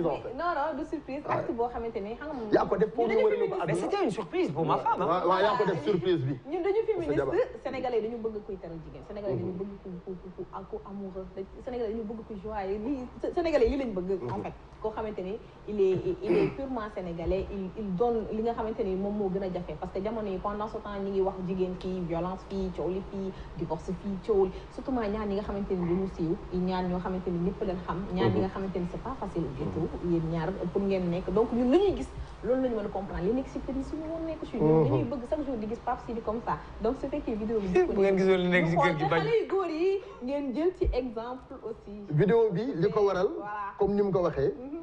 non non de surprise mais c'était une surprise pour ma femme hein. surprise sénégalais sénégalais sénégalais sénégalais mhm. il purement sénégalais il donne parce que pendant ce temps facile boobu yéen ñaar pour ngeen nekk donc ñun lu ñuy gis loolu la ñu mën a comprendre li nekk si kër yi suñu woon nekk si ñoom dañuy bëgg chaque jour di gis Pape Sidi comme ça donc su fekkee vidéo bi li bi li ko waral comme ni mu ko waxee mhm.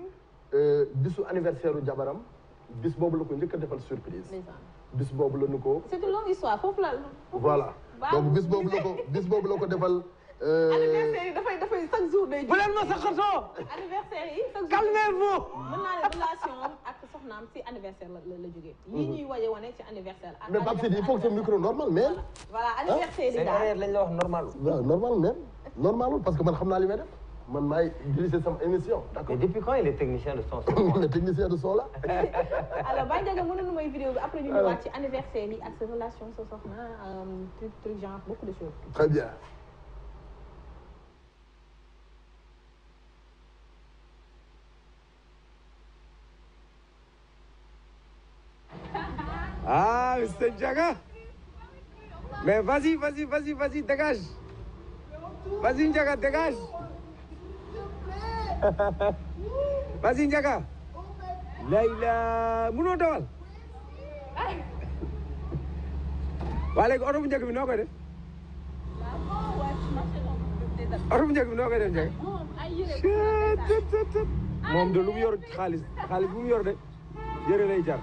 euh, bisu anniversaire u jabaram bis boobu la ko njëkk a defal surprise bis boobu la ko c'est une longue histoire foofu la voilà donc bis boobu la ko bis boobu la ko defal euh, ma saxatoo. anniversaire calmez-vous. mën naa c'est relation ak soxnaam si anniversaire la la jógee. lii mhm. ñuy anniversaire. mais il faut que micro normal mais. voilà anniversaire les daal normal. normal mais normal parce que man xam que li may def. man maay diriger sama émission. d'accord mais depuis quand il est technicien de son. le technicien de son là. alors Baye Ndiaga mënoon mooy vidéo après ñu ñëwaat anniversaire yi ak sa relation sa euh, truc genre beaucoup de choses. très bien. isteyeceğe. Ve vazi vazi vazi vazi degaj. Vazi jaga degaj. vazi jaga. Leyla munoo dawal. waa léegi oto bu njëkk bi noo koy def. oto bu njëkk bi noo koy def njëkk. moom de lu yor xaalis xaalis bu mu yor de yëre lay jar.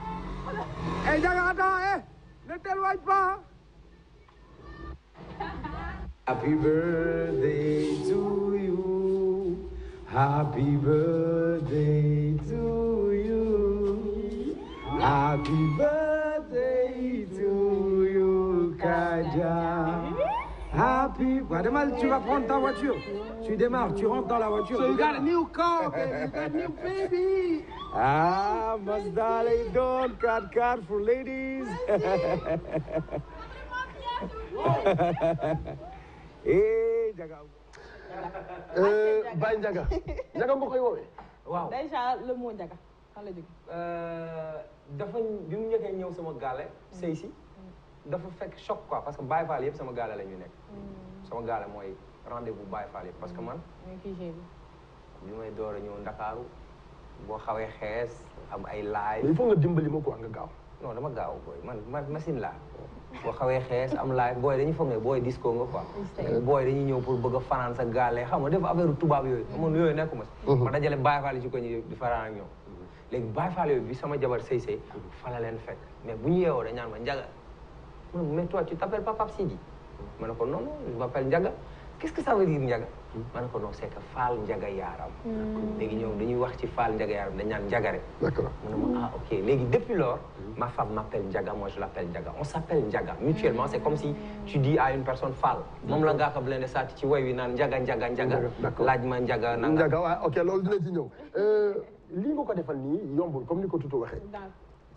Hé, attends, hé, ne t'éloigne pas. Happy birthday to you. Happy birthday to you. Happy birthday to you, Kaja. Happy. mal, tu vas prendre ta voiture. Tu démarres, tu rentres dans la voiture. So you got a new car, okay? You got a new baby. Ah, darling, don't cut card for ladies. eh, jaga. Eh, bain jaga. Jaga mbok koy Wow. Waaw. Déjà le jaga. Fan la jóge. Euh, dafa bi sama galé, sey si. Hmm. Dafa fekk choc quoi parce que Baye Fall yépp sama galé la ñu Sama galé mooy rendez-vous Baye Fall yépp parce man. Ñu fi jébi. Ñu may a boo xawee xees am ay laay. il faut nga dimbali ma am nga gaaw. non dama gaaw booy man man machine laa. boo xawee xees am laay booy dañuy foog ne booy disco nga quoi. booy dañuy ñëw pour bëgg a fanaan sa gaale xam nga def affaire tubaab yooyu. Mm-hmm. amoon yooyu nekkuma si. Mm-hmm. ma dajale Baay Faal yi ci ko ñu di fanaan ak ñoom. Mm-hmm. léegi Baay Faal yooyu bi sama jabar sëy sëy fa leen fekk mais bu ñu yewoo dañ naan ma Ndiaga. mais toi tu t'appelles pas Pape Sidi. ma ne ko non non je qu'est-ce que ça veut dire njaga man ko non c'est que faal njaga yaaram hmm. léegi ñoom dañuy wax ci faal njaga yaaram dañ naan njagare d'accord mu ne ma ah ok léegi depuis lors ma femme m'appelle njaga moi je l'appelle njaga on s'appelle njaga mutuellement c'est comme si tu dis à une personne faal moom la ngaa ka blende saati ci way wi naan njaga njaga njaga laaj ma njaga nanga njaga waaw ok loolu dina ci ñëw euh, lii nga ko defal nii yombul comme ni ko tutu waxee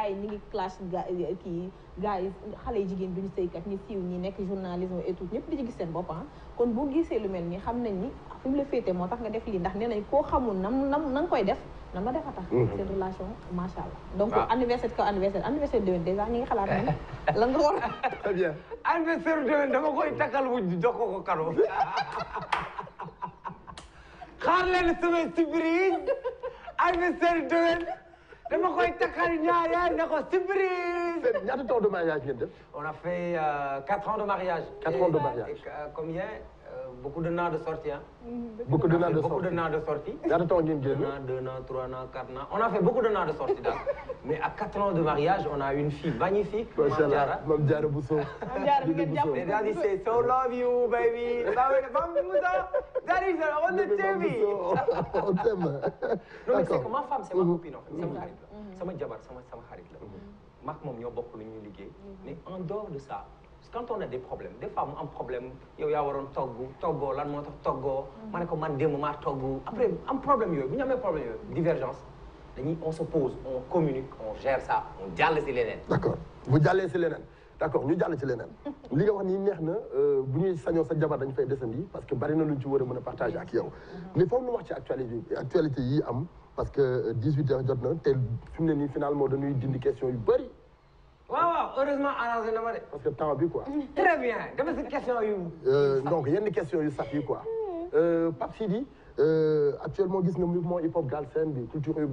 gars yi ñi ngi clash ga kii gars yi xale yi jigéen duñu sëykat ñi siiw ñi nekk journalisme et tout ñëpp di ci gis seen bopp ah kon boo gisee lu mel ni xam nañ ni la féete moo tax nga def lii ndax nee nañ koo xamul nam nam na koy def nam la defa tax mm-hmm. seen relation macha allah donc ah. anniversaire ko anniversaire anniversaire déwén dèjà ñi ngi xalaat ne la nga war a bien anniversaire déwén dama koy takkal bu jox ko ko xaar leen semaine si biir anniversaire déwén Hemos con esta cariñada ya, no con siempre. on a fait 4 euh, ans de mariage. 4 ans de euh, mariage euh, combien beaucoup de nains de sortie hein. mm, beaucoup de nains de sortie beaucoup de de sortie. on a fait beaucoup de nains de sortie mais à 4 ans de mariage on a une fille magnifique. Diara Bousso. love you baby. Bah that t'aime. non mais ma femme c'est ma mm-hmm. copine C'est mon mari. Mm-hmm maak moom ñoo bokk lu ñuy liggéey mhm. mais en dehors de ça quand on a des problèmes des fois a un problème yow yaa waroon un toggoo lan là tax toggoo mhm. ma ne ko man démb maa togg après un mhm. problème yooyu bu ñu amee problème yooyu divergence dañuy on se pose on communique on gère ça on dialogue les leneen d'accord bu jàllee les leneen d'accord ñu jàll ci leneen li nga wax nii neex na euh, bu ñuy sañoo sa jabar dañ fay desandi parce que bari na luñ ci war a mën a partager ak yow mais foofu nu wax ci actualité actualité yi am parce que 18 euh, h jot tu te fi mu finalement, question yu heureusement arrangé na ma parce que temps bi quoi. très bien dama une question yu. Euh, donc yenn question yu sax yi quoi. Euh, Pape Sidi actuellement gis un mouvement hip hop Galsen bi culture